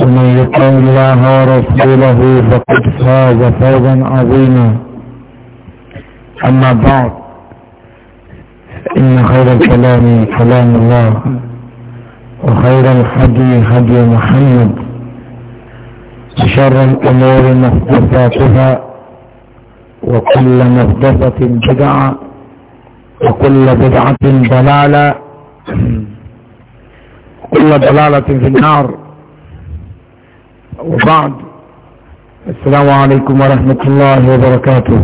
ومن يطع الله ورسوله فقد فاز فوزا عظيما اما بعد ان خير الكلام كلام الله وخير الهدي هدي محمد وشر الامور محدثاتها وكل محدثه بدعه وكل بدعه ضلاله كل ضلاله في النار وبعد السلام عليكم ورحمة الله وبركاته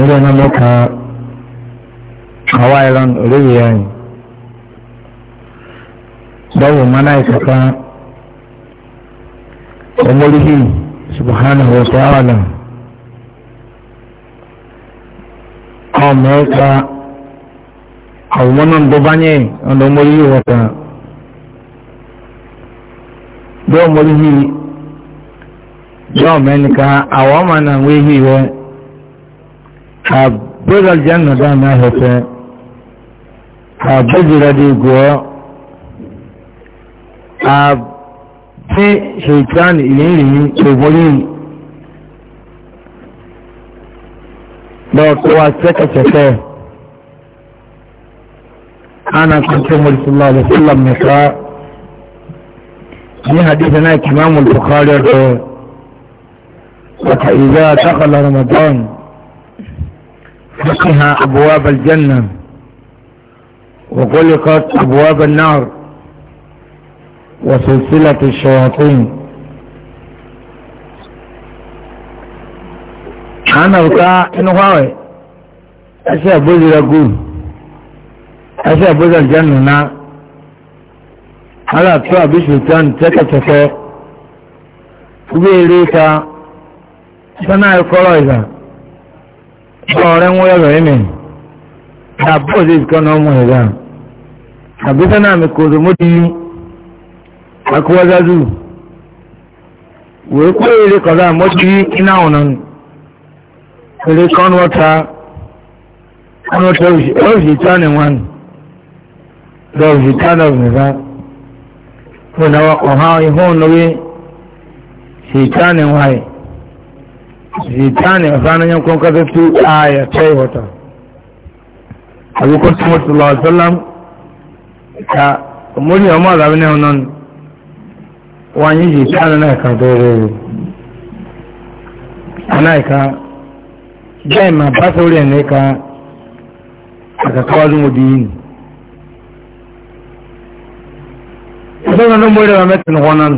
Mílíọ̀nù mọ́ka àwa ìran olóyè ayìn. Bọ́wọ̀ mọ́nà ìkàkà ọmọlúhìn Subhanahu wa ta'ala. ọmọọka àwọn ọdọbanye ọdọmọlẹ yìí wọta bí ọmọlẹ yìí bí ọmọẹnika àwọn ọmọ náà wọ ehi wọ àbúrò jẹ nnọdọ náà hẹfẹ àbúrò dì gùọ ṣètìlánì ìrìnrìn ṣògbọlẹ yìí. أنا كنت صلى الله عليه وسلم نساء في حديثنا كمام البخاري فإذا دخل رمضان فقها أبواب الجنة وغلقت أبواب النار وسلسلة الشياطين ana wuka inu hwawe ase abuzi ragu ase abuzi aljanna na ala to abi sultan teke teke kubeere sana ekoro iza ọrẹ ń wọ́yọ̀ lọ́yìn mi àbọ̀ sí ìkan náà mọ̀ ẹ̀dá àbí sánà mi kò sọmọ́ di akọ́wọ́sájú wòó kó èrè kọ̀ọ̀dà mọ́ iná ọ̀nà nù pẹ̀lú kọ́nwọ́ta kọ́nwọ́ta ọ̀fìsìtá ni wọ́n lọ ọ̀fìsìtá lọ ọ̀fìsìtá wọn náà ọ̀há ihun lórí ṣìtá ni wáyé ṣìtá ni ọ̀fà náà yẹn kọ́ kọ́tọ́ tó ààyè tẹ́ ìwọ̀tọ̀ àbíkó tí mo ti lọ ọ̀sọ́lám ka mórí ọmọ àdàbí náà nọ wọ́n yí ṣìtá náà kàn tó rẹ̀ rẹ̀ aláìka dama ba saurin ne ka aka kawo mudini sauran nan mure ba metin honon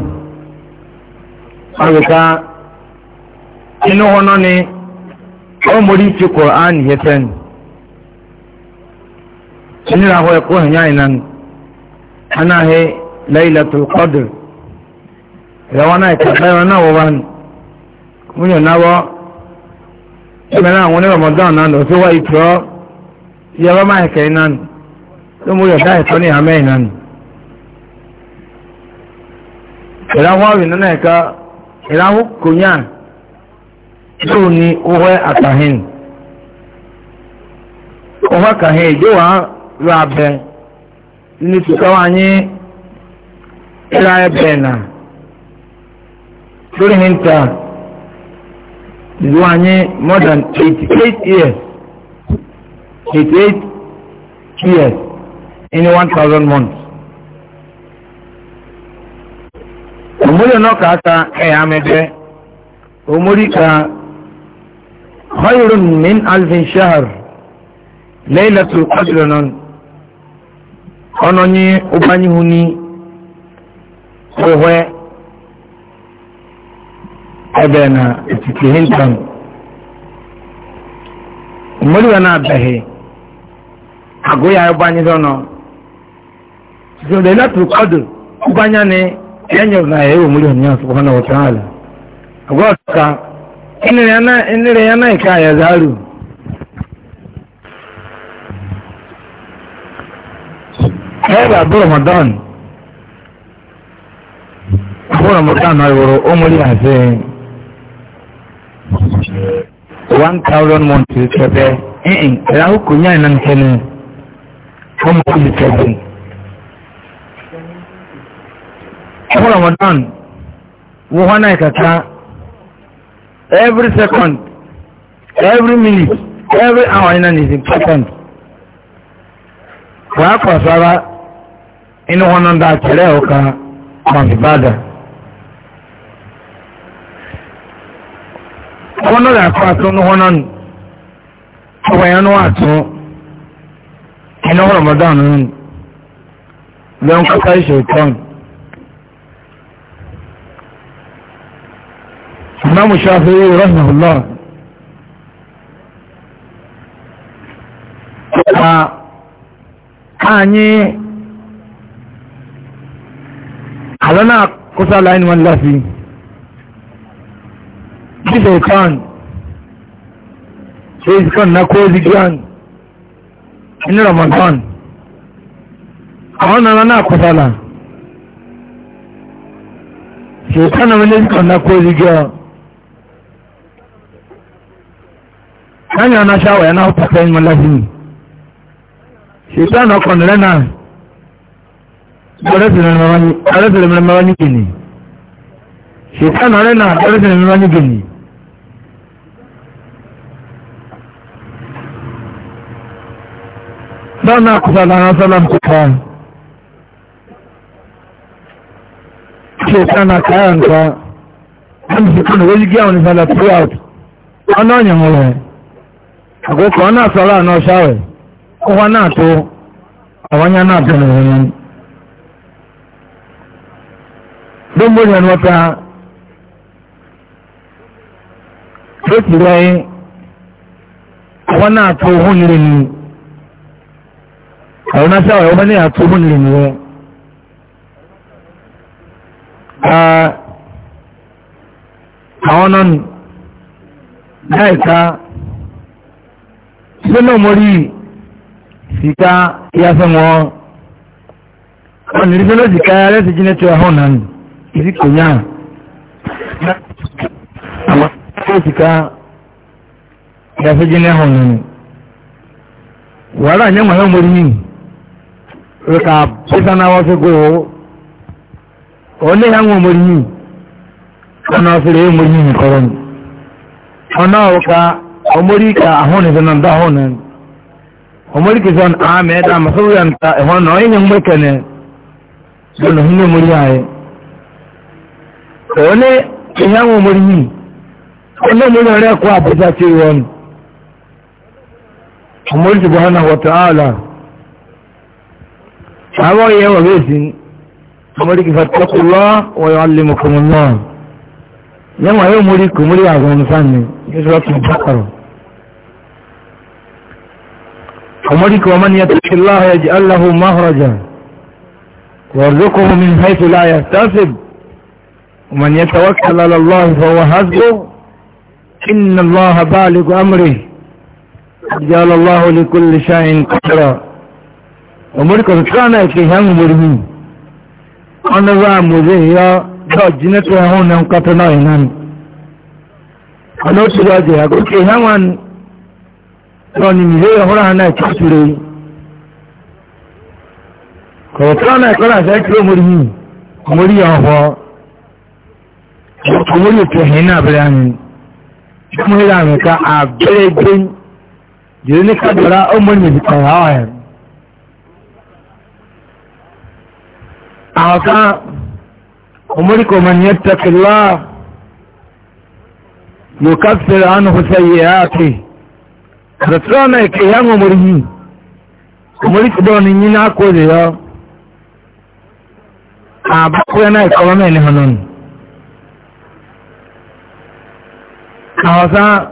abika inu honon ne o muri ci ƙor'an ya ten sinu na hawa ko hanyar nan ana he lailatul qadr rawana e ka kai wannan wawan munyo nawo ìmẹ̀rẹ̀ àwọn onírọ̀ mọ̀dán náà lọ sí wá ìtọ́ yẹwọ́ máa kẹ́ iná nù ló mú yọ̀dá ìtọ́ ní àmẹ́ iná nù. ìràwọ̀rì nínú ẹ̀ka ìràwọ̀ kònyà lóò ní òwe àkàhìn òwe àkàhìn ìjọ wà lọ abẹ ní wa ní ìlà ẹ̀bẹ̀ náà lórí hìntà ìlú wa ní more than eighty eight years eighty eight years in one thousand months. òmùrí náà kà á ka ẹ̀yà mẹ́fẹ́ òmùrí ka khayrun min alfin shahr laylatul qadr náà ọ̀nà ní ọba yìí hu ní òhwẹ́. ebe na etiti hinton ya na abeghị agụ ya ịgbanyere ọnụ zode latụ na enyo na ewu mmiri onye ọsụkwọ na wata ala agwa ọtụka ịnere ya na ike ahịa zaru ebe abụrụ ramadan ramadan ọrụ one thousand one two kẹfẹ ẹn ẹ̀rọ akókò yẹn nan hẹ́nu wọ́n mú kúlù kẹfẹ. ẹ̀fọ́ ramadan wọ́n wọn náà kàkà every second every minute every hour yẹn is important. wọ́n á kọ̀ sára inú wọn náà dá àtẹ̀rẹ́ ọ̀ka kọ̀ǹfìbàdà. wọn náà akọ ato no hɔ nanu ɔwɔ yɛn no ato ɛna hɔ ramadan no nu bɛn kasa ehyɛ tɔn imam shafi yi rahmanulah a anyi alana kusa lain man lafi shi shaitan sai sukan na kozi giyan in ramadan a wannan rana kusala shaitan na wani sukan na kozi giyan hanyar na shawo yana hukuta yin malafi shaitan na kwanere na ƙarfi da mamaye gini shaitan na rana ƙarfi da mamaye gini lọ́nà kùsà lára sọ́lọ́m kùsà ṣe kánà káyà nǹkan wọ́n ti kánà wọ́n yígí àwọn ìsàlẹ̀ throughout ọ̀nà ọ̀yàn rẹ̀ àkókò ọ̀nà sọ́lá àná ṣáwẹ̀ ọwọ́ náà tó àwọn yẹn náà bẹ̀rẹ̀ wọ́n yẹn gbogbo yẹn wọ́ta tó ti rẹ̀ àwọn náà tó hún lè ní Haruna sawa yau bane a tsohon lemu a wannan daika sínú mori sika ya fẹ́ wọn wọn ní sínú sika ya lẹ́sìn jí nẹ́tọ́ ẹ̀hún náà ìsì kò yá àwọn sínú sika ya fẹ́ jí nẹ́hún náà wàhálà nyẹ́ wọn mori yìí ka pesa na wasu go ole ya nwa mori yi ana ofere ya mori yi kọrọ ni ọna ọka omori ka ahụ na zana nda ahụ na omori ka zan a mee da masu ya nta ehọ na onye mgbe kene zo na hunne mori anyị ole ya nwa mori yi ole mori ọrịa kwa abụja ce wọn omori subhanahu wa ta'ala شعبائي هو بيسن مريك فاتقوا الله ويعلمكم الله يوم هو مريك مريع كما نساني يسوى اسم فقر مريك ومن يتك الله يجعل له مهرجا وارزقه من حيث لا يحتسب ومن يتوكل على الله فهو حزبه إن الله بالغ أمره جعل الله لكل شيء قدره omori kọ̀tọ̀ tí wọ́n náà ṣe ìhàn omori mi wọ́n ní wọ́n àmúre yọ dọ́ọ̀jì nítorí ẹ̀hún ní nkọ́tọ̀ náà ìhàn ni ọ̀nà òtù lọ́jọ́ yàgò kí ìhàn wọn lọ ní ìlé ọ̀húnra náà ti ṣúre kọ̀tọ̀ tí wọ́n náà kọ́ra ṣe kí omori mi omori yà ọ̀họ́ omori ètò ẹ̀hìn náà bẹ̀rẹ̀ àmì ṣé mo rí àmì ká àbẹ̀rẹ̀ gbé jèrè ní kádùrá omori mi ti kọ̀ àwọn kan omoriko man yattaqillah yukaffir anhu sayyi'ati ratrona ke yan omorihi omoriko don yin na ko de yo abakwe na ikoba mene hanon àwọn kan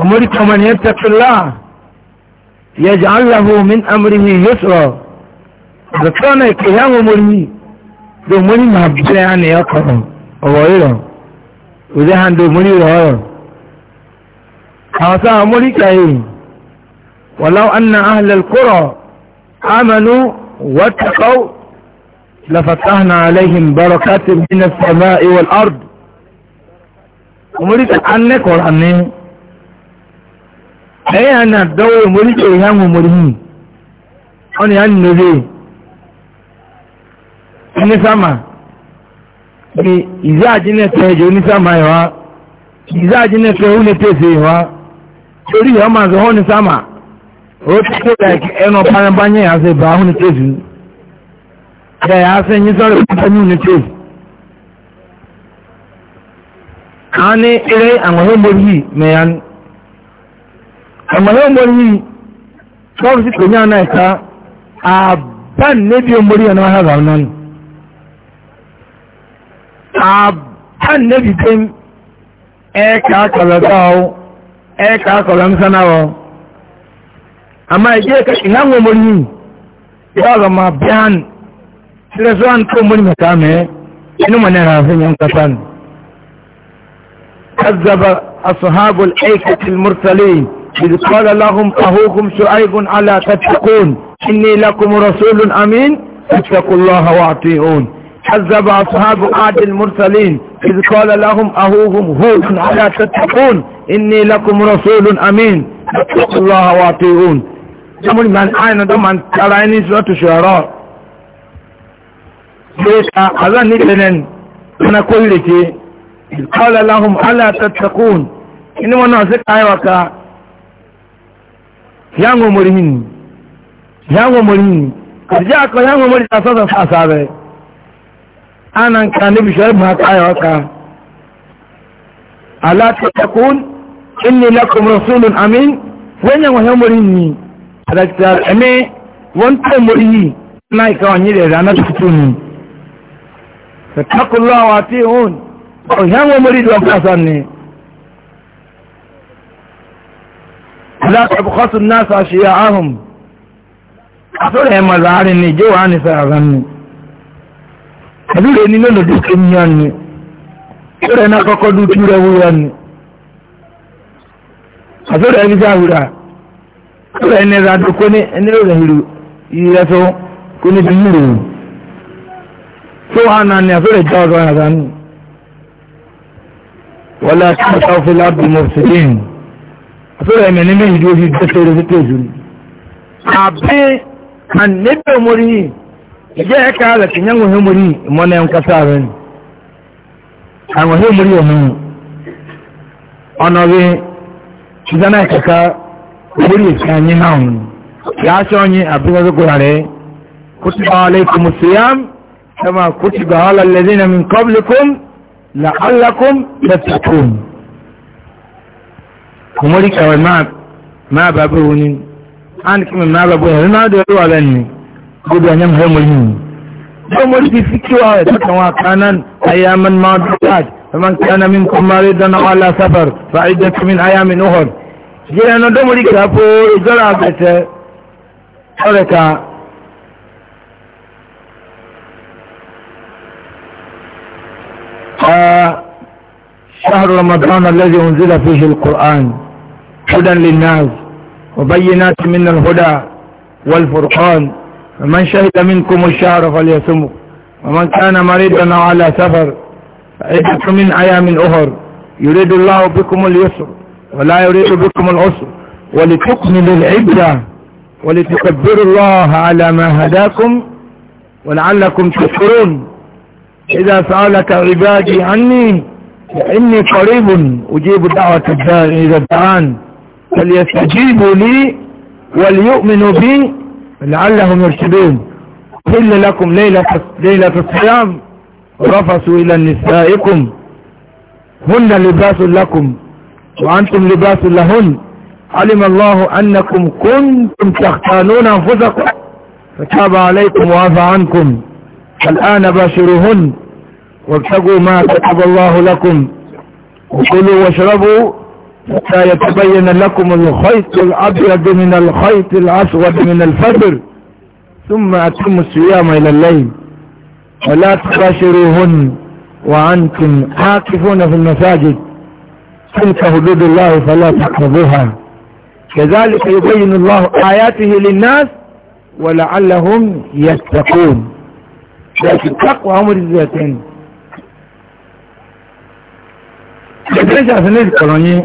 omoriko man yattaqillah yaj'al lahu min amrihi yusra zato na ke ya mumurni don wani mahabbi ya ne ya kwaro a wayiro wajen hando muri da wayo a wasu amuri kayi walau an na ahalar kuro amanu wata kau لفتحنا عليهم بركات من السماء والأرض ومريد أنك والأنه أي أنا الدور مريد إيهام ومريد أنا أنه ذي onísàmà ni ìzá àjínẹ̀tẹ̀ ẹ̀jẹ̀ onísàmà yìí wá ìzá àjínẹ̀tẹ̀ onípèsè yìí wá torí yìí wọ́n máa zọ onísàmà ó ti kó like ẹnu panabanyẹ yà sẹ bá onípèsè ẹ̀ yà sẹ yín sọ̀rọ̀ panabanyẹ onípèsè. àwọn ní eré àwọn ọmọdé yìí mẹ́yàn àwọn ọmọdé yìí sọ́ọ̀rù sí kò ní àná ẹ̀ka àbá níbi ọmọdé annabi tem ẹka kọlọtọ ẹka kọlọmsanawọ amma ẹjẹ ẹka ìhànwọ mọrin yọọrọ ma bihan tẹlẹsọ́n tó mọrin mẹ́ta mẹ́ inú mọ̀ náà ràfin yẹn kasa ni كذب أصحاب الأيكة المرسلين إذ قال لهم أخوكم شعيب ألا تتقون إني لكم رسول أمين فاتقوا الله وأطيعون كذب أصحاب عاد المرسلين إذ قال لهم أهوهم هود على تتقون إني لكم رسول أمين اتقوا الله واطيعون يقول من أين دمان تلعيني سورة الشعراء بيكا أذن نجلن أنا كل شيء إذ قال لهم ألا تتقون إني مناسك أيوكا يانو مرهين يانو مرهين أرجعك يانو مرهين أساسا أساسا ana nka níbi ṣe ma káyọ̀ ká alátẹ́kùn inni lakum rasulun amin wọ́n yẹn wọ́n yẹn mọ̀rí ni àdàkìtà ẹ̀mí wọ́n tẹ̀ mọ̀rí yìí náà ìka wọ́n yìí rẹ̀ rẹ̀ aná tuntun ni fẹ̀tàkùnlọ́ àwọn àti ìhùn ọ̀yẹ́ wọ́n mọ̀rí lọ kásán ni alátẹ́kùn náà sàṣeyà ahùn àtúrẹ̀ mọ̀ láàrin ni ìjẹ́wàá ni sàrànni àbúrò ní lọ́nà tó ké níyà ni ìrẹ́ náà kọ́kọ́ dún tí rẹ̀ ni àtúrò ẹni tí àwùrà àtúrò ẹni rà tó kó ní ẹni rẹ̀ hìrù ìrẹ́ tó kó ní bí hìrù tó wà náà ni àtúrò ìjà ọ̀rọ̀ àrà ni wọ́n lé àtúrò sáfẹ́ lábì mọ́ sílẹ̀ àtúrò ẹ̀mí ní méjì tó fi gbẹ́sẹ̀ rẹ̀ sí tẹ̀sùn àbí àníbẹ̀ mọ́rí yìí ìjẹ́ ẹ̀ka rẹ̀ kì í yẹn wọ̀nyẹ́ mọ́rí mọ́nà ẹ̀ ń kásá rẹ̀ ni àwọn ọ̀hẹ́ mọ́rí ọ̀hún ọ̀nà rẹ̀ ṣùgbọ́n náà kẹ̀kẹ́ mọ́rí èsì anyi hàn ọ̀hún yà á ṣe ọ̀yin àbúrò rẹ̀ kùtùbà alaykum siyam kama kùtùbà ala alladhina min qablikum la'allakum tattaqun kùmọ́rí kẹwàá máa bàbá òun ni á ní kí mi máa bàbá òun ni gudu a yamma yamma yi don mulki fi kiwa ya taka wa kanan ayyaman ma dukat faman kana min kuma ridan ala safar fa iddatu min ayamin uhud jira na don mulki ka fo ijara ka ta tsareka شهر رمضان الذي أنزل فيه القرآن هدى للناس وبينات من الهدى والفرقان فمن شهد منكم الشهر فليصمه ومن كان مريضا على سفر فعدة من أيام أخر يريد الله بكم اليسر ولا يريد بكم العسر ولتكملوا العبرة ولتكبروا الله على ما هداكم ولعلكم تشكرون إذا سألك عبادي عني فإني قريب أجيب دعوة الداعي إذا دعان فليستجيبوا لي وليؤمنوا بي لعلهم يرشدون قل لكم ليلة, ليلة الصيام رفسوا إلى نسائكم هن لباس لكم وأنتم لباس لهن علم الله أنكم كنتم تختانون أنفسكم فتاب عليكم وعفى عنكم فالآن باشروهن وابتغوا ما كتب الله لكم وكلوا واشربوا حتى يتبين لكم الخيط الأبيض من الخيط الأسود من الفجر ثم أتم الصيام إلى الليل ولا تباشروهن وأنتم عاكفون في المساجد تلك حدود الله فلا تقربوها كذلك يبين الله آياته للناس ولعلهم يتقون لكن التقوى أمر الذاتين لكن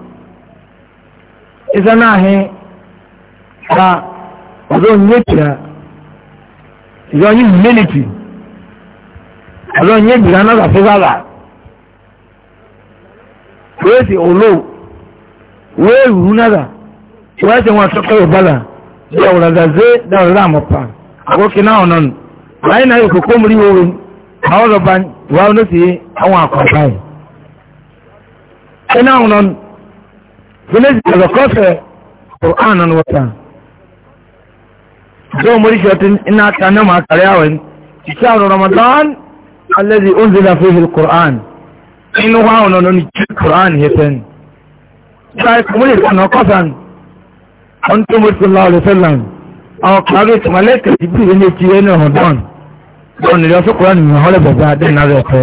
ịza na-ahị ka ọzọ onye tira ịza onye humanity ọzọ onye biri anọza fevara wee si olo wee ruru nada wee si nwa chọkọ ịbala ya ọwụla azaze da ọrụ amụpa agwọke na ọnọ nọ anyị na ekoko mmiri owe ka ọzọ ba wa n'osi anwụ akwaba ya ị na ọnọ nọ village as a culture Quran and water. Zo muri shotin ina tana ma karyawan shahru Ramadan alladhi unzila fihi al-Quran. Inu ha ono no ni Quran hepen. Sai kumuli kana kasan antu sallallahu alaihi wasallam aw kabe malaika jibril ne ti ene hodon. Don ni so Quran ni hole baba de na re pe.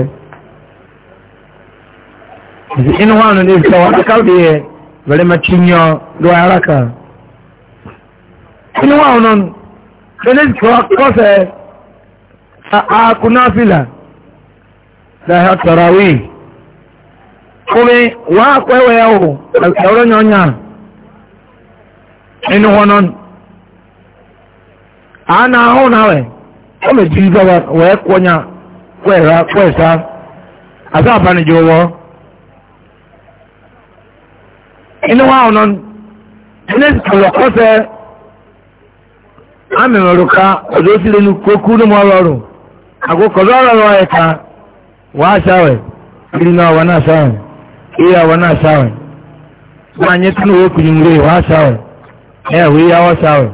Inu ha ono ni sawa ka bi wẹ̀rẹ̀ ma ti yan lọ ara kan inú wa ọ̀nà kẹ́lẹ́sì kọ́sẹ̀ akunáfìlà lẹ́yìn tọ̀rọ̀wì kúmi wà á pẹ́wẹ́ ẹ̀wò ẹ̀rọ yọnyà inú wọn náà àánà ahọ́n náà wẹ̀ ọmọ ìdílé bàbá wẹ̀ kọ́nyà kọ́ ẹ̀rá kọ́ ịnụ nwa ahụ nọ n'ezikọrọ ọsọ ka ọdụ osiri n'ukwu okwu ọrụ ọrụ agụkọrọ ọrụ ọrụ ka wàá aṣáwẹ̀ kiri náà wà náà aṣáwẹ̀ kiri anyị náà aṣáwẹ̀ wọ́n anyi tán owó kùnyìn múlẹ̀ wàá aṣáwẹ̀ ẹ̀ wọ́n yíyá wọ́n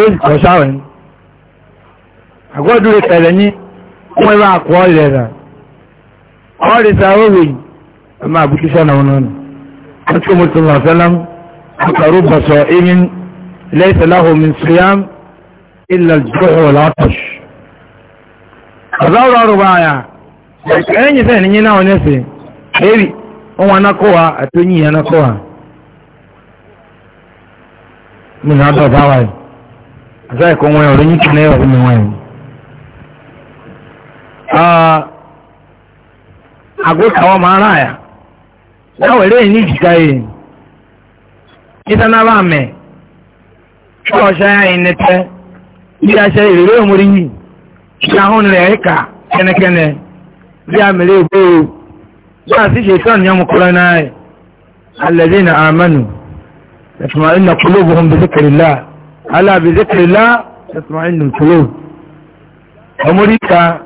wọ́n anyi ẹ̀ ọ̀gọ́dúró na ní wọ́n bá kọ́ ilẹ̀ rà ọ̀rẹ́sà òwe ọmọ àbúkí sọ́nà wọn nù àti mùsùlùmí ọ̀sẹ́lám àkàrú bọ̀sọ̀ ẹ̀mí lẹ́sẹ̀láhùn mi sùyàm ilẹ̀ jùlọ látọ̀ṣ ọ̀zọ́rọ̀ ọ̀rọ̀ báyà ẹ̀yìn sẹ́yìn ní náà ọ̀nẹ́sẹ̀ ẹ̀rì wọn anákọ́wà na oyin anákọ́wà mi náà agwụkawa ma ara ya ya were enyi jika ya ita na ba me chọọcha ya inete ndị acha erere onwere iyi ya ahụ nere ịka kenekene bí a mèrè ìgbé o bí a sì ṣe tán ní ọmọkùnrin náà rẹ̀ alẹ́dẹ́ na àmánu ẹ̀tùmọ̀ ìnà kúlóòbù hàn bí zikirila alábi zikirila ẹ̀tùmọ̀ ìnà kúlóòbù ọmọ ríka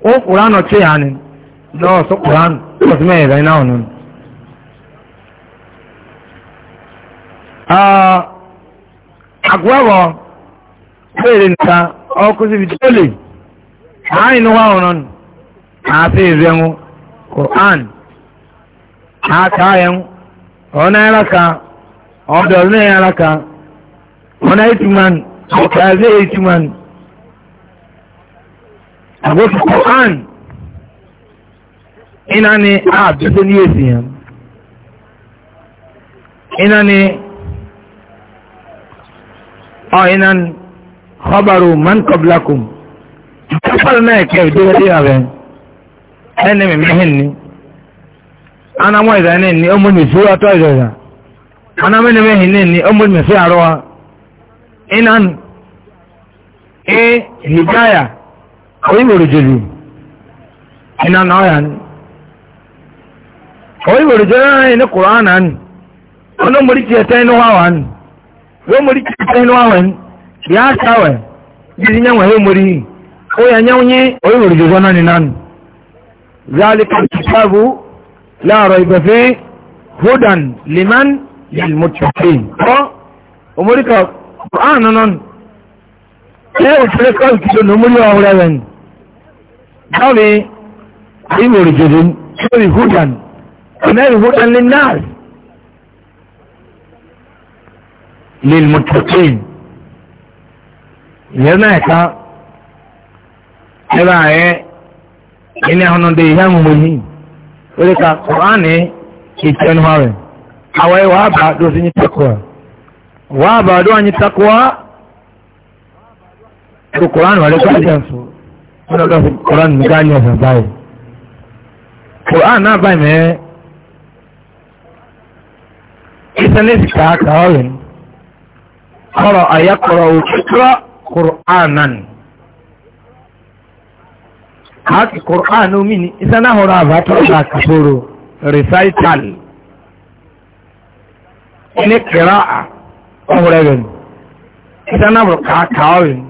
o quran o che yani do so quran o sme e na onu ah agwawo nta o ku si bidole ai no wa a se zengu quran a ta yan ona raka o do ne raka ona ituman o àgbóṣù quran iná ni àbíṣe ní èsì yẹn iná ni ọ iná ni kọbaru man kọblakum kọbaru náà kẹ ìdíwọ́ sí ààrẹ ẹni mímíhìn ni anamọ ìdáni ni ọmọ ní ìṣúra tó ìjọba anamọ ìdáni ni ọmọ ní ìṣúra àrọwà iná ni ẹ hìjáyà oyiwere jere ina na ọya ni oyiwere jere ah, na ni kụrụ a na ni ọnụ mmiri ti ete inu hawa ni ruo mmiri ti ete inu hawa ni ya aka we jiri nye nwehe mmiri o ya nye onye oyiwere jere na ni na ni zalika kitabu la raiba fi hudan liman lil muttaqin ko umurika qur'an non Ilé ìfẹ́ kọ́ọ̀kì tó nùmúlò ọ̀rẹ́ rẹ̀ nì. Báwo ni ìmọ̀ òrìjòdò sórí húdàn? Ọ̀nẹ́rì húdàn ní náàs. Lè mọ̀tàkìn. Ìyẹn náà ẹ̀ka ẹ̀rọ ààrẹ ilé ọ̀nà dé ìyá mọ̀mọ́ yìí. Orí ka Kùránì ìtẹnuwa Àwọn ẹ̀wà àbá ti ní takuwa. Wà àbá ló wà tó kòránù rẹ̀ guidance o wọ́n lọ́dọ̀ fi kòránù ní guidance báyìí kòránù náà báyìí mẹ́ẹ́ ìsẹ́lẹ̀sì kàákà ọ̀rìn kọ́rọ̀ àyàkọ̀rọ̀ òkúkúrọ̀ kòránàn kàákì kòránù mi ní ìsẹ́náhùrọ̀ àbátọ́rọ̀ àkàtòrò recital ní kìráà ọ̀hùrẹ̀rẹ̀ ìsẹ́náhùrọ̀ kàákà ọ̀rìn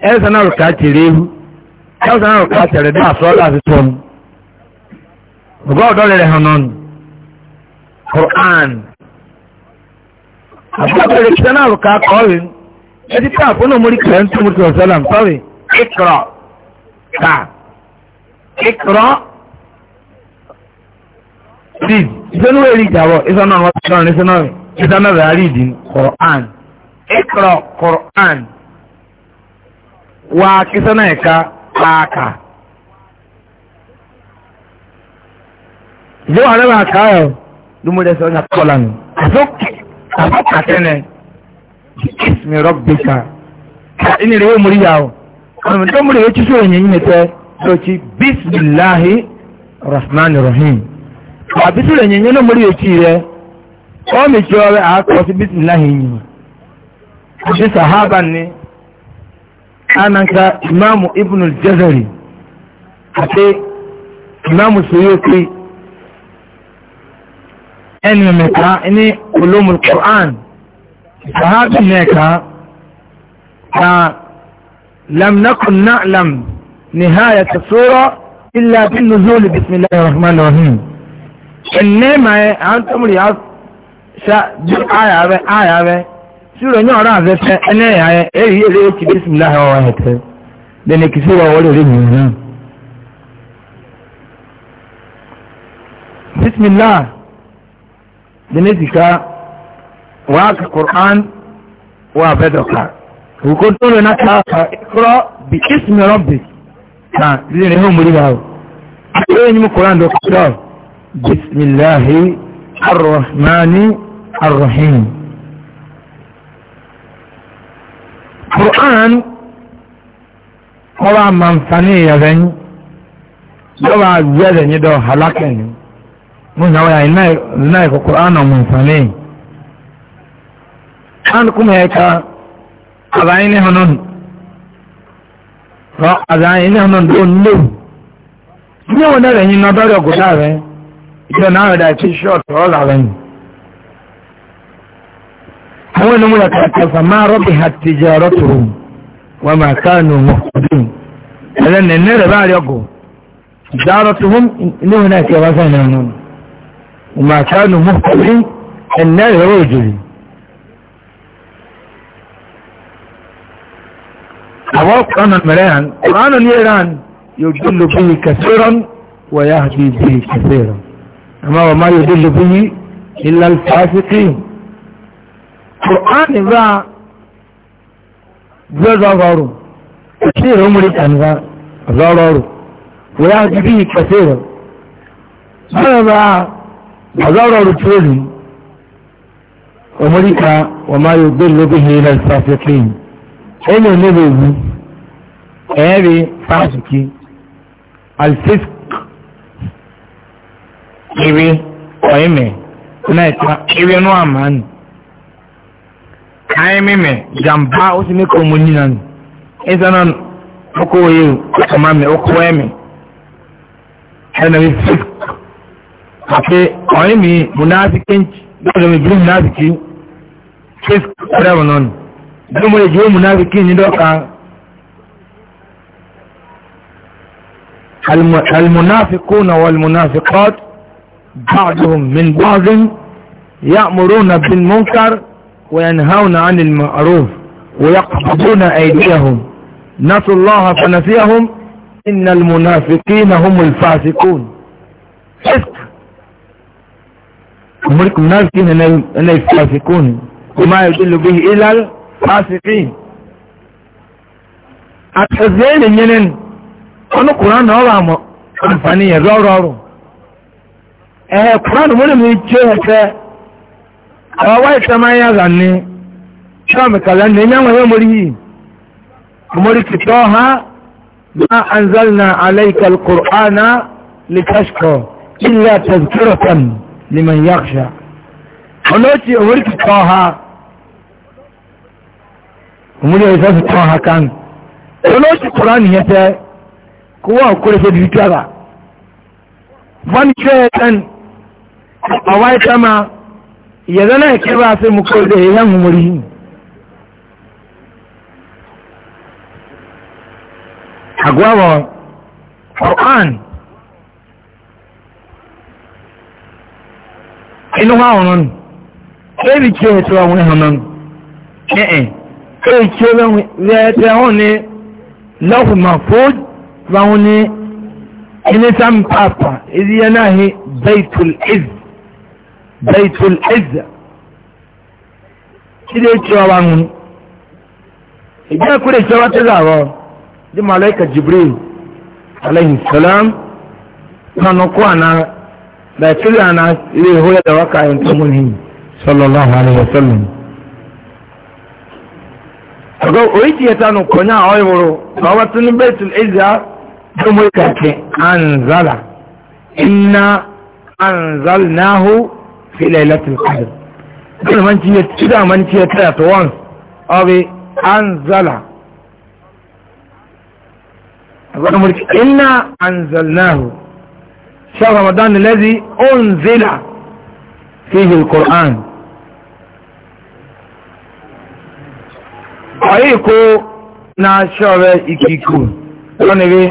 ẹ̀sán náà rùkà tèrè ehu ẹ̀sán náà rùkà tèrè dá àfọ́ láti tọ́ mu bàbá ọ̀dọ́ rẹ̀ hàn náà nù quran àbúrò rẹ̀ kìtẹ́ náà rùkà kọ́ọ̀rì ẹtí tí àfọ́ náà mórí kìlẹ̀ ń tó mórí sọ̀rọ̀ sọ́lá sọ́rì ìkọ̀rọ̀ ká ìkọ̀rọ̀ sí ìsọ́nù wẹ̀rí ìjàwọ̀ ìsọ́nù àwọn ọ̀sán náà ìsọ́nù rẹ̀ àrídìí quran ìkọ̀rọ̀ quran. wa na e ka aka yóò àrẹ bá ká ọ lómọdé sọ ní akọlà nù àbọkà tẹnẹ kìsìmì rọgbìkà dị ka yóò múri nwere ó ọmọ tó múri yóò tíṣó èyàn yìí nìtẹ lọtí bisimilahi rahman rahim àbísí ananka imamu ibn jazari àti imamu suyuti ẹni mẹ́ta ní olómul quran sahabi mẹ́ka ta lam nakun na'lam نهاية الصورة إلا بالنزول بسم الله الرحمن الرحيم إنما أنتم لي شاء آية آية sura nyɛ ɔrɔ afɛfɛ ɛnɛ ayɛ ɛyi ɛlɛ eti bisimilahi ɔwɔ ɛtɛ dɛnɛ kisi wa wɔlɛ ɛlɛ nyina bisimilah dɛnɛ sika waa ka kur'an waa bɛ dɔ ka hukuntolo na taa ka kura bi ismi rabbi na dɛnɛ hɔn muri baa a ko yɛ nyimu kur'an dɔ ka bisimilahi arrahmani arrahim. quran ọba amamfani yẹrẹn lọba yẹrẹn yìí dọ halakẹni mo nyà wáyà iná ẹkọ quran amamfani kan kuma yẹ ká abayin ni hànán rọ abayin ni hànán tó léwu ní wọn dẹrẹ yìí nọdọdọ gòdà rẹ ìjọ náà rẹ dà ti ṣọọtù ọla rẹ àwọn ẹni múlẹ̀ kàkẹ́fà máa rọ́bì àtijọ́ ọ̀rọ̀ tó rùn wọ́n máa káànù mọ̀kúndùn ẹ̀rẹ́ nẹ̀ẹ́nẹ́ rẹ̀ bá rí ọkọ̀ ìdáàrọ̀ tó hún níhùn náà kẹwàá sẹ́yìn náà nù máa káànù mọ̀kúndùn ẹ̀nẹ́ rẹ̀ rọ̀ òjòrì. àwọn ọ̀nà mẹ́rẹ̀ hàn ọ̀nà ní ẹ̀rẹ́ hàn yóò dúró bí kẹsìrán wọ́n yá bí kẹsìrán àmọ́ wọ́n má yóò dúró bí ilẹ̀ Qur'ani ba zai zagoro kasirin muritan ba zagoro wuya jibi kasirin zai ba a zagoro tuli amurka wa ma yi gbin bihi na alfafikin ẹni ne bai wu ẹyẹri fasiki alfisk iri ọyime na ita iri nuwa mani kayan mímẹ̀ jàmbá ó sì ní kò mú nínú ni ẹ̀sán náà ọkọ̀ òye ọkọ̀ máa mi ọkọ̀ ẹ̀mí ẹ̀nà mi fi àti ọ̀rẹ́ mi mùnáfíkẹ́ǹtì lọ́dọ̀ mi bí mùnáfíkì fífi kúrẹ́wọ̀ náà ni bí mo lè jẹ́ mùnáfíkì ní dọ́ka المنافقون والمنافقات بعضهم من بعض يأمرون بالمنكر وينهون عن المعروف ويقبضون أيديهم نسوا الله فنسيهم إن المنافقين هم الفاسقون فسق امركم منافقين أن الفاسقون وما يدل به الى الفاسقين àtẹ̀sẹ̀ ينين yẹn lẹ́nu هو kùránù ọ̀rọ̀ رو رو رو ايه ọ̀rọ̀ مولم يجيه a wai tsama ya zanne sha mu kalan ne yan waye muri muri kitoha ma anzalna alayka alqur'ana litashqa illa tadhkiratan liman yakhsha onoti muri kitoha muri isa kitoha kan onoti qur'an yete kuwa kure se bitara van chetan awai tsama yẹ̀dọ́ náà kí bá a ṣe mú kó lè yẹ́ mú mọ́rí yìí. àgọ́wọ̀ quran inú wa ọ̀run ẹ̀rì tí ẹ̀ tó àwọn ẹ̀hàn náà ẹ̀ẹ̀ ẹ̀rì tí ó rẹ̀ ẹ̀hàn ní lọ́hùn mahfud báwọn ní ẹni sáà ń pàápàá ìdíyẹ náà hí bẹ́ẹ̀tul ẹ̀zì baitul izza ilé ìtura ń ìjẹ́ ìkúrẹ́ ìtura tó zàrọ̀ di jibril salam nanu kó àná bàtìrì àná ilé ìhóyè da wákà ẹ̀ sallallahu alayhi wa sallam. Àgọ́ oríṣi ẹ̀ta nù kọ́ ní àwọn ìwòrò baitul في ليلة القدر كل من تيتشد من تيتات وانس أبي أنزل إنا أنزلناه شهر رمضان الذي أنزل فيه القرآن أيكو ناشر إكيكو نزل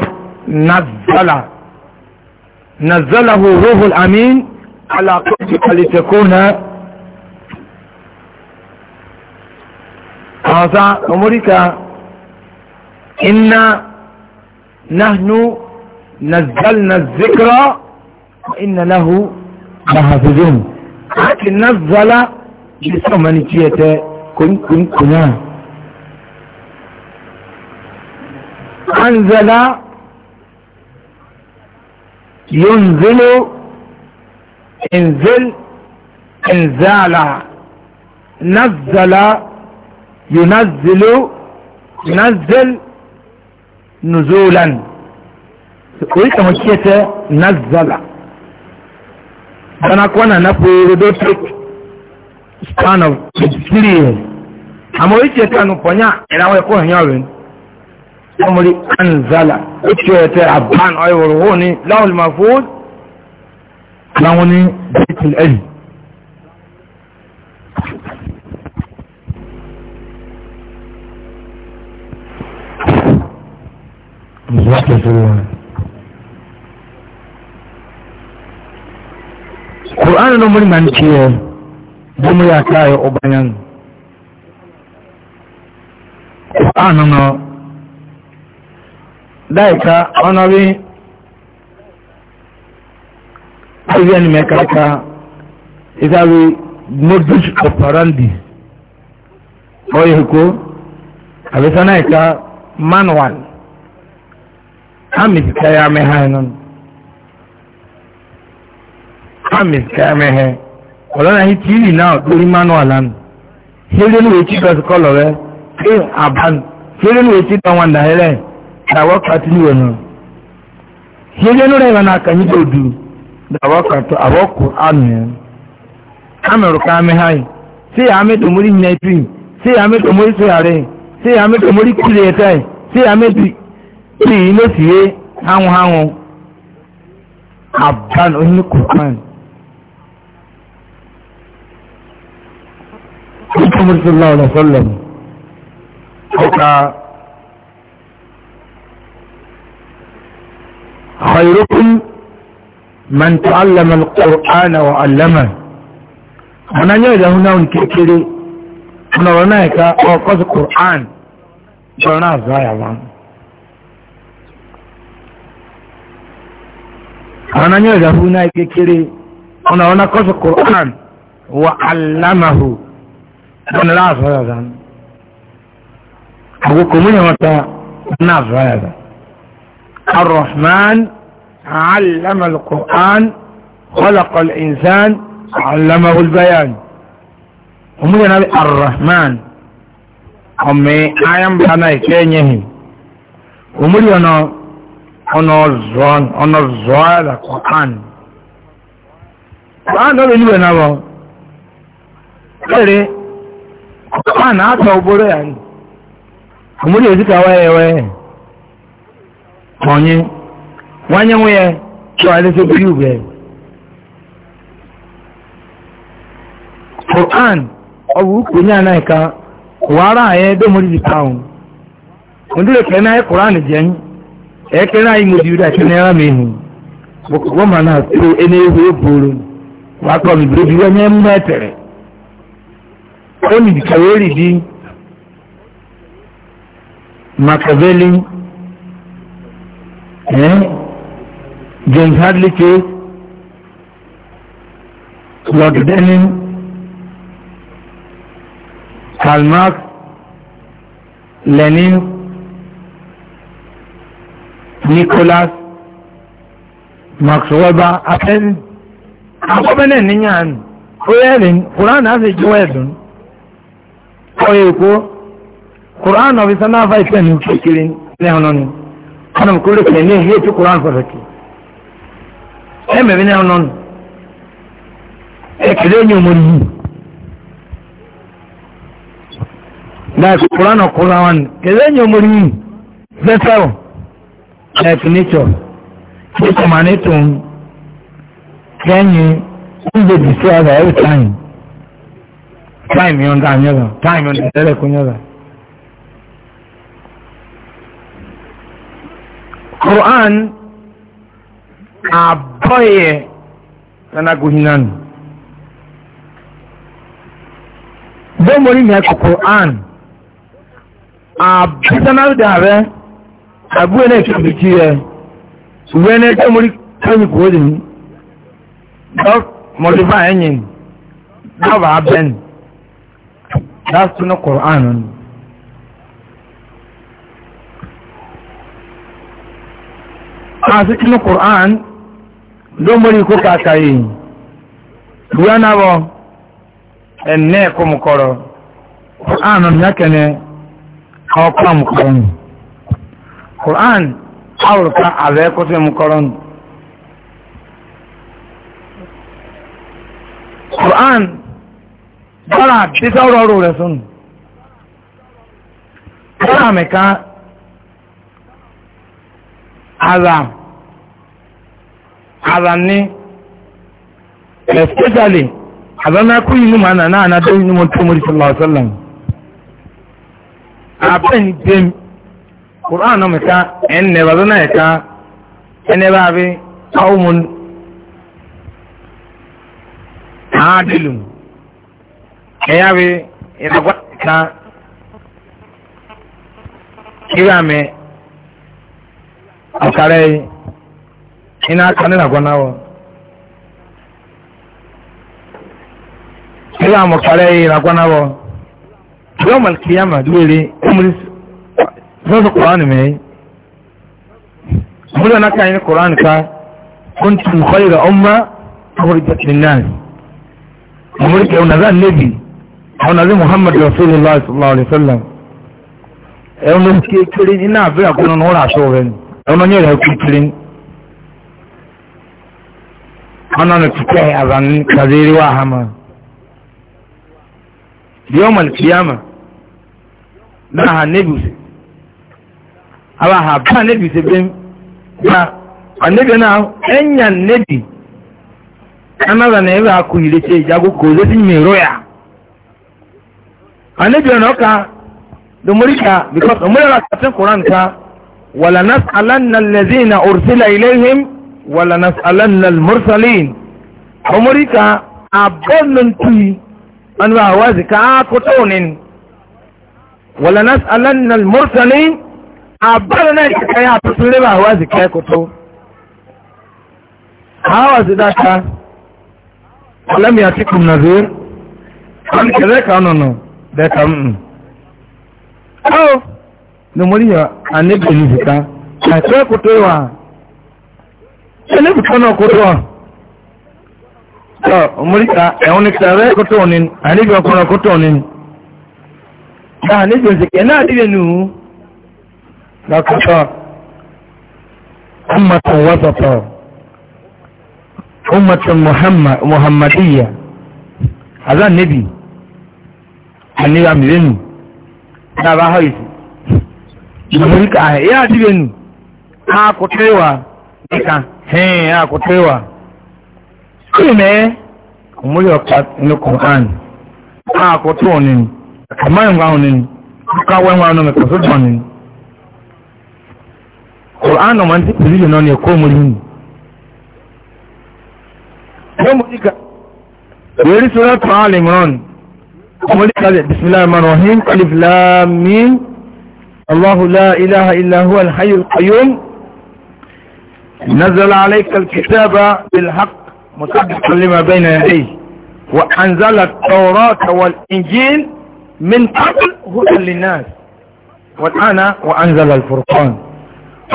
نزله روح الأمين على قدرك لتكون هذا أمرك إنا نحن نزلنا الذكر وإن له لحافظون لكن نزل بسمنيكية كن كن كنا أنزل ينزل انزل انزالا نزل ينزل ينزل نزولا ويكا مكيتا نزل أنا كوانا نفو ريدوتريك span of experience àmọ́ oríṣi ẹ̀ka nùpọ̀nyá ìràwọ̀ ẹ̀kọ́ ìyàwó ọmọdé anzala ó ti ọ̀tẹ̀ àbán ọ̀yọ̀wòrò wò ní láwùlì láwọn ní bẹ́ẹ̀kì ẹ̀yìn Kur'an na muri man ya kayi ubayan Kur'an na daika wani aizan mai kaka ita modus operandi oye ko abisa na ita manual hamis kaya mai hainan hamis kaya mai hainan ọlọ́nà yìí tí ìrìn náà lórí manual lánàá fẹ́rẹ́ ní wèé tí bẹ́ẹ̀ kọ́lọ̀ rẹ pé àbánu fẹ́rẹ́ ní wèé tí wọn dàrẹ́rẹ́ ṣàwọ́ pàtí níwọ̀n náà fẹ́rẹ́ ní rẹ̀ wọn àkànyí tó dùn da wakata a wakku amin kamiru kami hai sai ya mai domori na fi sai ya mai domori turare sai ya mai domori kule ta sai ya mai fi ilo siye hanwu hanwu abban onye kurkan Muhammad sallallahu alaihi wasallam ka khairukum man ta'allama al-qur'ana wa 'allama ana yau da hunan kekere ana wana ka ko qur'an sona zaya ba ana yau da hunan kekere ana wana ko qur'an wa 'allamahu ana la zaya ba ko kuma ne mata na zaya ba ar-rahman علم القرآن خلق الإنسان علمه البيان ومجد نبي الرحمن أمي آيام بحنا يكينيه ومجد أنا أنا الزوان أنا الزوان القرآن القرآن نبي نبي نبي kare kwana aka obere ya ni omori ezika wayewe nwanne nwe ya chọrọ piu bụ Quran ọ bụ ukwu onye anaghị ka kụwara anyị ebe dị ahụ ekele na anyị ji anyị ekele na anyị mmiri iri akị m ihu bụkwa ma na tụrụ enehu eburu onye mma etere o makaveli eh? James Hadley Lord Denning, Karl Marx, Lenin, Nicholas, Max Weber, Apen, akọ́bẹ̀lẹ̀ níyàn kúrẹ́rin kùránà á sì jọ ẹ̀dùn kọ́ èkó kùránà ọ̀fíìsánà fàìsẹ̀ ní kékeré lẹ́hùn náà ni kọ́nà kúrẹ́kẹ̀ẹ́ ní èyí tí kùránà pàtàkì ẹmẹ bi náà nọnù ẹkẹlẹ ẹnyẹ ọmọ yìí láti kura náà kura wọn kẹlẹ ẹnyẹ ọmọ yìí vẹsẹl like nature nature ma ní kẹyìn ndé bìsí ọ̀dà every time time yọ̀ ndà nyọ̀dà time yọ̀ ndà tẹ́lẹ̀ kó Quran abọghị na-agụghị nanụ gbomori na ekụkụ an abụsanarị dara abụọ na-eche obichi ya uwe na-eche mori kanyị kwuo dị dọk mọdịba enyi daba aben dasụ na koran a sị na koran domori ko kaka yi duwa na bɔ ɛnɛ kɔmu kur'an na kɛnɛ aw kura mu ni kur'an aw ka a bɛ kɔsɛ mu kɔrɔ ni kur'an bala bisaw dɔ do rɛ sɔn kur'an mɛ kan azam azanni especially azanna ku inu ma na na ana dai inu mutu muri sallallahu alaihi wasallam apen dem qur'an no meka en ne bazana eka ene ba bi qaumun adilum eya bi ina gwata kiwa me akare ina aka nina gwanawo ila mọ̀kàrẹ́ ìrà gwanawo yóò mọ̀ kí yàmà lórí ọmọdé sọ́sọ́ kùránì mẹ́ ọmọdé náà káyìn kùránì ká kún tún kọ́yìrà ọmọ ọmọdé jẹ́kìrín náà ọmọdé kẹwọn náà nẹ́bì àwọn àti muhammad rasulillah sallallahu alaihi wasallam ẹ̀rọ ní kékeré iná àbúrò àkọ́nà ọ̀rọ̀ àṣọ rẹ̀ ẹ̀rọ ní ẹ̀rọ kékeré ana na tukai a zanen kaziriwa hama yawon kiyama na ha nebuse ala ha ba nebuse bin na annabi na enyan nebi anara na ebe akụ hiri ce jago ka ozo mai roya annabi na ọka dumurika because umurika katin koran ka wala nas'alanna allazina ursila ilaihim wala nas'alanna al-mursalin umurika abonnun ti an wa wazi ka kutunin wala nas'alanna al-mursalin abonna ka ya tutule ba wazi ka kutu hawa zidaka lam yatikum nadhir an kadaka nono da kam oh no muriya annabi ni fika ka kutuwa ẹlẹ́bù kan náà kó tó hàn. Sọ ọmọdéka ẹ̀hún ní kíta rẹ̀ kó tó hàn ní àníbi ọkùnrin kó tó hàn ní. Náà níbi òsèké náà dìde nù. Lọ́kọ̀tọ̀ ọmọtún wọ́sọ̀tọ̀ ọmọtún Muhammadiyya Azan níbi àníbi àmìlẹ́nu náà bá họ́ Ọmọdéka ẹ̀yà dìde nù. Ha kò tẹ́wàá dika hee akutewa ime omuli okatinu quran akutu onini akamayo nga onini akawe nga onini kasudu onini quran omanti pilili noni ekomulini yomulika weri suratu ali imran omulika bismillahi rahmani rahim alif lam mim الله لا إله إلا هو الحي القيوم نزل عليك الكتاب بالحق مصدقا لما بين يديه وأنزل التوراة والإنجيل من قبل هدى للناس والآن وأنزل الفرقان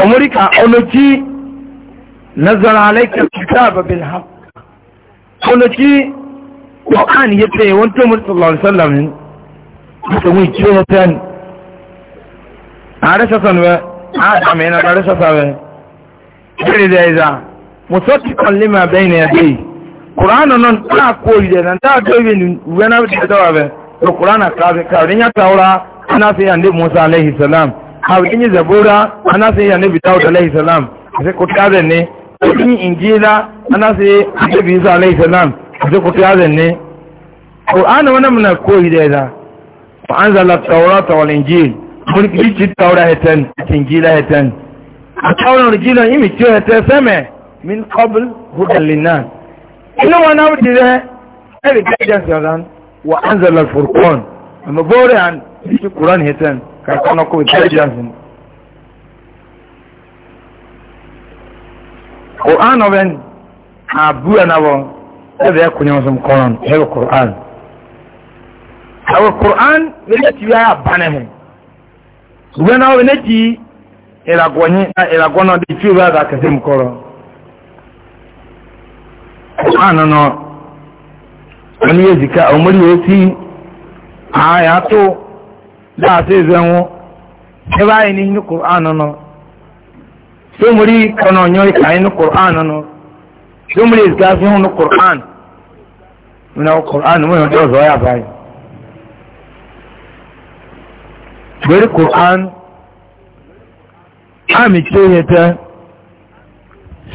أمريكا اولتي نزل عليك الكتاب بالحق أولوتي وقان يتي وانتم صلى الله عليه وسلم يتوي جوهتان عرشة سنوة عاد عمينا عرشة سنوة ìrìnlẹ̀ ìdá mọ̀sọ́tì kan lè máa bẹ́yìn ẹ̀dẹ́ yìí kùránù náà náà kó ìdẹ̀ náà táà tó ìwé ìwé náà ti tọ́wà bẹ̀ lọ kùránù kàrí ní àtàwọ́ra zabora anáṣe yàn débi tawud alayhi salam àti kò tíyàzẹ̀ ní àti ìjìlá anáṣe débi isa alayhi salam àti kò tíyàzẹ̀ ní kùránù náà mọ̀nà kó ìdẹ̀ ìdá fa'anzala tawura injila hetan akawunan rijilan imi tí o ẹsẹ sẹmẹ min kọbul hudalina inú wọn náà wùdí rẹ ẹrí gẹgẹsì ọ̀rán wà anzala furkon ọmọ bóore àn ti kuran hitan kankan ọkọ intelligence. Quran ọbẹn abu ẹnabọ ẹbẹ ẹkùnye wọn sọm kọrọn ẹbẹ Quran. Àwọn Quran lè ti wá abánẹ́hìn. Ṣùgbọ́n náà wọ́n ti. ìràgọ̀nyí ìràgọ̀nà di tí o bá dà kẹsẹ̀ mu ànànà wọn yé zika ọmọdé yóò àyà tó dáàtì ìzẹ̀wò ẹ báyìí ní inú kùrọ̀ ànànà sọmọdé kọ́nà ọ̀nyọ́ ìka inú kùrọ̀ ànànà sọmọdé inú عام تيهتا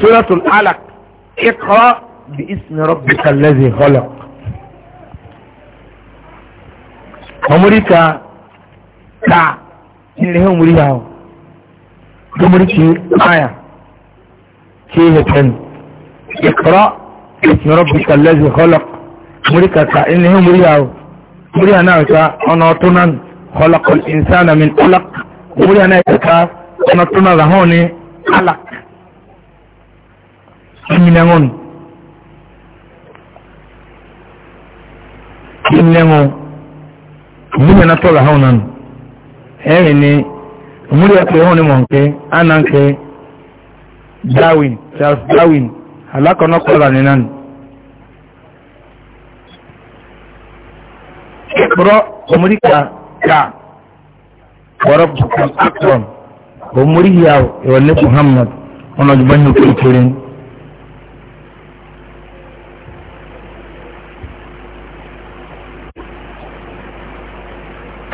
سورة العلق اقرأ باسم ربك الذي خلق أمريكا تا اللي هو امريكا أمريكي آية تن اقرأ باسم ربك الذي خلق أمريكا تا اللي هو مريها مريها ناوتا أنا أطنان خلق الإنسان من قلق مريها ناوتا ọ̀nà tó náà ràhán ní alak ìmìnàwọn ìmìnàwọn ìmìnà tó ràhán náà ẹ̀rìn ni ìmúlẹ̀ ọ̀pẹ̀ ẹ̀hún ni mọ̀ ananke darwin charles darwin alákọ̀ọ́nà kọ́ra ní náà ẹ̀kọ́rọ̀ ọmọdé kà kà wọ́rọ̀ bùkún akọ̀rọ̀ omori yìí àwọn ìrọ̀lẹ́ muhammad ọ̀nà ọ̀jọ̀gbọ́n ní òkè ìkéré ní.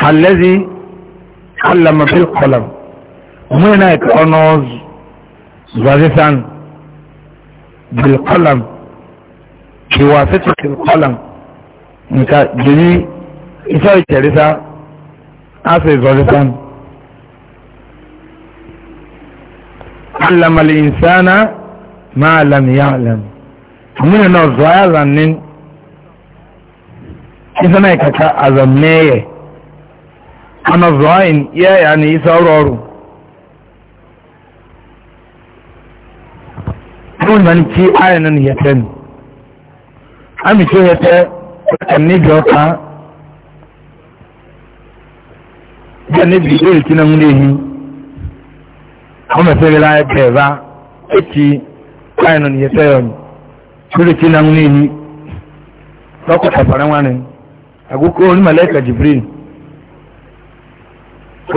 alẹ́zi alamafil kọlam òmùyẹn náà ẹ̀ka ọ̀nà zuwazisan bil kọlam kiwasitikil kọlam nka jìnnì iṣẹ́ ìtẹ̀rísà á sì zuwazisan. allama insana ma lam ya'lam amuna na zuwa zannin isa na kaka a zanne ana zuwa in iya ya ne yi sauraro kun nan ci ayanan ya tan amice ya ta kanni jota janibi ɗaya kinan wulehi ọmọfẹ́lẹ́lá ẹgbẹ́ ẹ̀bá ẹ̀kí káyìnà ní ẹ̀fẹ́ ọ̀nì lórí tí náà ń ní ní lọ́kọ̀ tàbàrà wọn ni àgókò onímọ̀lẹ́kà jibril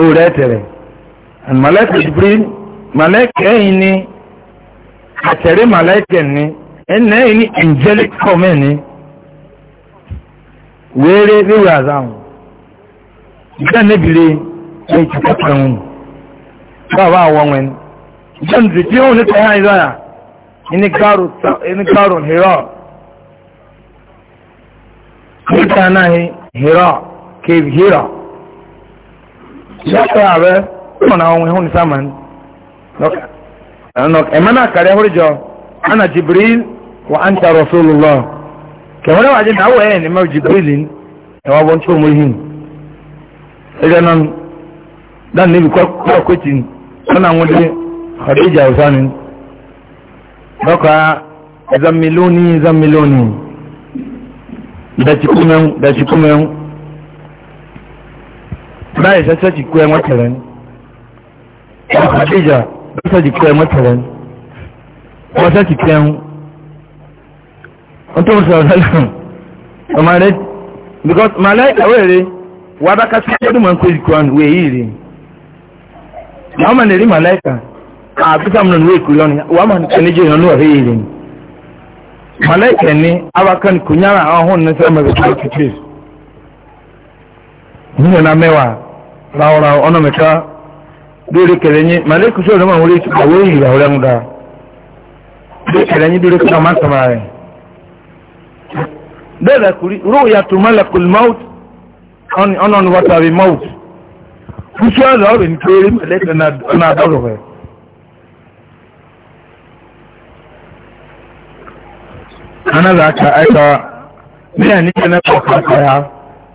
ó rẹ̀ tẹ̀rẹ̀ mọ̀lẹ́kà jibril mọ̀lẹ́kà ẹ̀yìn ni àtẹ̀rẹ̀ mọ̀lẹ́kà ni ẹ̀nà ẹ̀yìn ni angelic form ẹ̀ ni wéèrè wíwẹ̀ àzáhùn ìgbà níbi rẹ̀ ẹ̀yìn tí kọ́kọ́ wọn bàbá àwọn wẹni jẹ́ǹdì tí ó ní tẹ̀yà na ní kárùn hìrọ̀ níta náà hìrọ̀ kéèvì hìrọ̀ ṣẹ́kọ̀ ààrẹ ọ̀nà àwọn ihun sáman ẹ̀mọ́ náà kàrẹ́ húrìjọ ana jibril wa an ta rasulullah kẹwọ́n wájú náà wọ́n ẹ̀ ní mẹ́rin jibril ẹ̀wọ́n bọ́n tó mú ihin ẹ̀jẹ̀ suna wuce khadija usani baka zammiloni zammiloni da ci kumen da ci kumen na isa ta ci kuwa mataren da khadija da ta ci kuwa mataren kuma ta ci kuwa wata musa wasalam amma dai because malai a were wa baka sun yadda man kuwa kuwa weyiri na ọma na-eri malaika àbíkà mi nínú èkó lọ́nà wà á máa ní ìrànlọ́wọ́ rẹ̀ yìí lẹ́yìn malaika ni abaka ni kunyara ọhún ní sẹ́mi rẹ̀ tó ti nínú na mẹ́wàá ráúrá ọ̀nà mẹ́ta lórí kẹlẹ́ yín malaika sọ̀rọ̀ náà wọlé ti àwọn èyí ìyàwó rẹ̀ ń da lórí kẹlẹ́ yín lórí kẹlẹ́ máa sọ̀rọ̀ rẹ̀ bẹ́ẹ̀ rẹ̀ kúri Iṣẹ́ ọ̀rọ̀ ọ̀rọ̀ ní pé mẹ́lẹ́tẹ̀ náà dọ́rọ̀ rẹ̀. Anára aka aika ní àníkẹ́ náà kọ̀ọ̀kọ̀ àkàyà,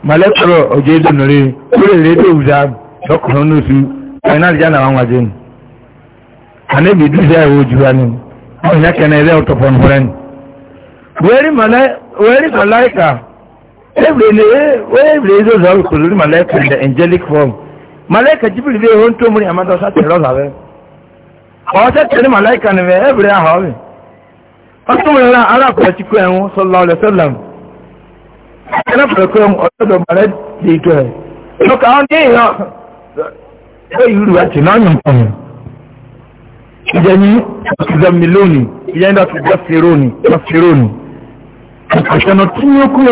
mẹ́lẹ́tọ̀rọ̀ ọjọ́ ìdùnnú rí, kúrò ìrédè òwúdá lọ́kùnrin lóṣù, final jẹ́ àwọn àjẹ́ ni. Àníbi dúṣẹ́ ìwò jù wá ni, wọ́n ìyá kẹ́nà ilé ọ̀tọ̀ fọ́n fọ́rẹ́ ni. Wẹ́rí màláìkà, wẹ́rí màláìkà, wẹ́rí màláìkà in the malaika jibril bɛ hɔn tó muri amadu ɔsa tɛ lɔza bɛ ɔsɛ tɛ ni malaika ni bɛ ɛbiri ahɔ bɛ ɔtumuli la ala kura ti ko ɛŋu sɔlɔ ɔlɛ sɔlɔ ɛna fɛ ko ɛŋu ɔsɛ dɔ mara de to yɛ ɔka ɔn ní yɔ ɛ yuru wa ti na ɔnyɔ nkɔmɔ ìjẹni ìdàmìlóni ìjẹni dàtú gbàfèroni gbàfèroni àṣànà tí yóò kú yọ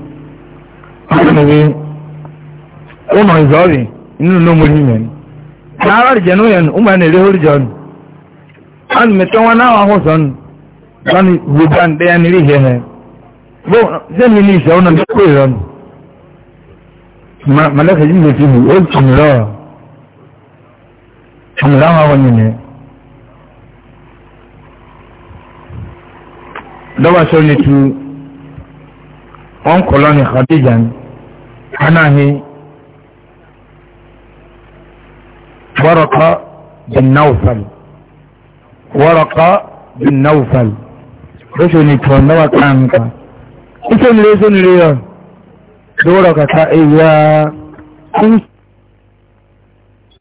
ọ̀nàmì ọmọ ìzọ́ọ̀rì inú ló mú ní mẹ́rin na ara rìjẹ̀ ní òyìn ọmọ ẹni rẹ̀ oríjọ nù a nù mẹ́tọ́ wọn náà wọ́n sọ nù wọn ni gbogbo àǹdẹ́ ya nírí ìhẹ́ hẹ́ bó sẹ́mi ní ìṣẹ́ ọ̀nà tó kó ìrọ̀ nù mọ̀lẹ́kẹ̀ yìí lè fi hù ó tù mí lọ́wọ́ àmì láwọn àwọn yìnyẹn tu wọn kọ̀ lọ́ni Khadija ni anahi waraka bin naufal waraka bin naufal rashin ne tuwon nawa kanka isin re sun re yau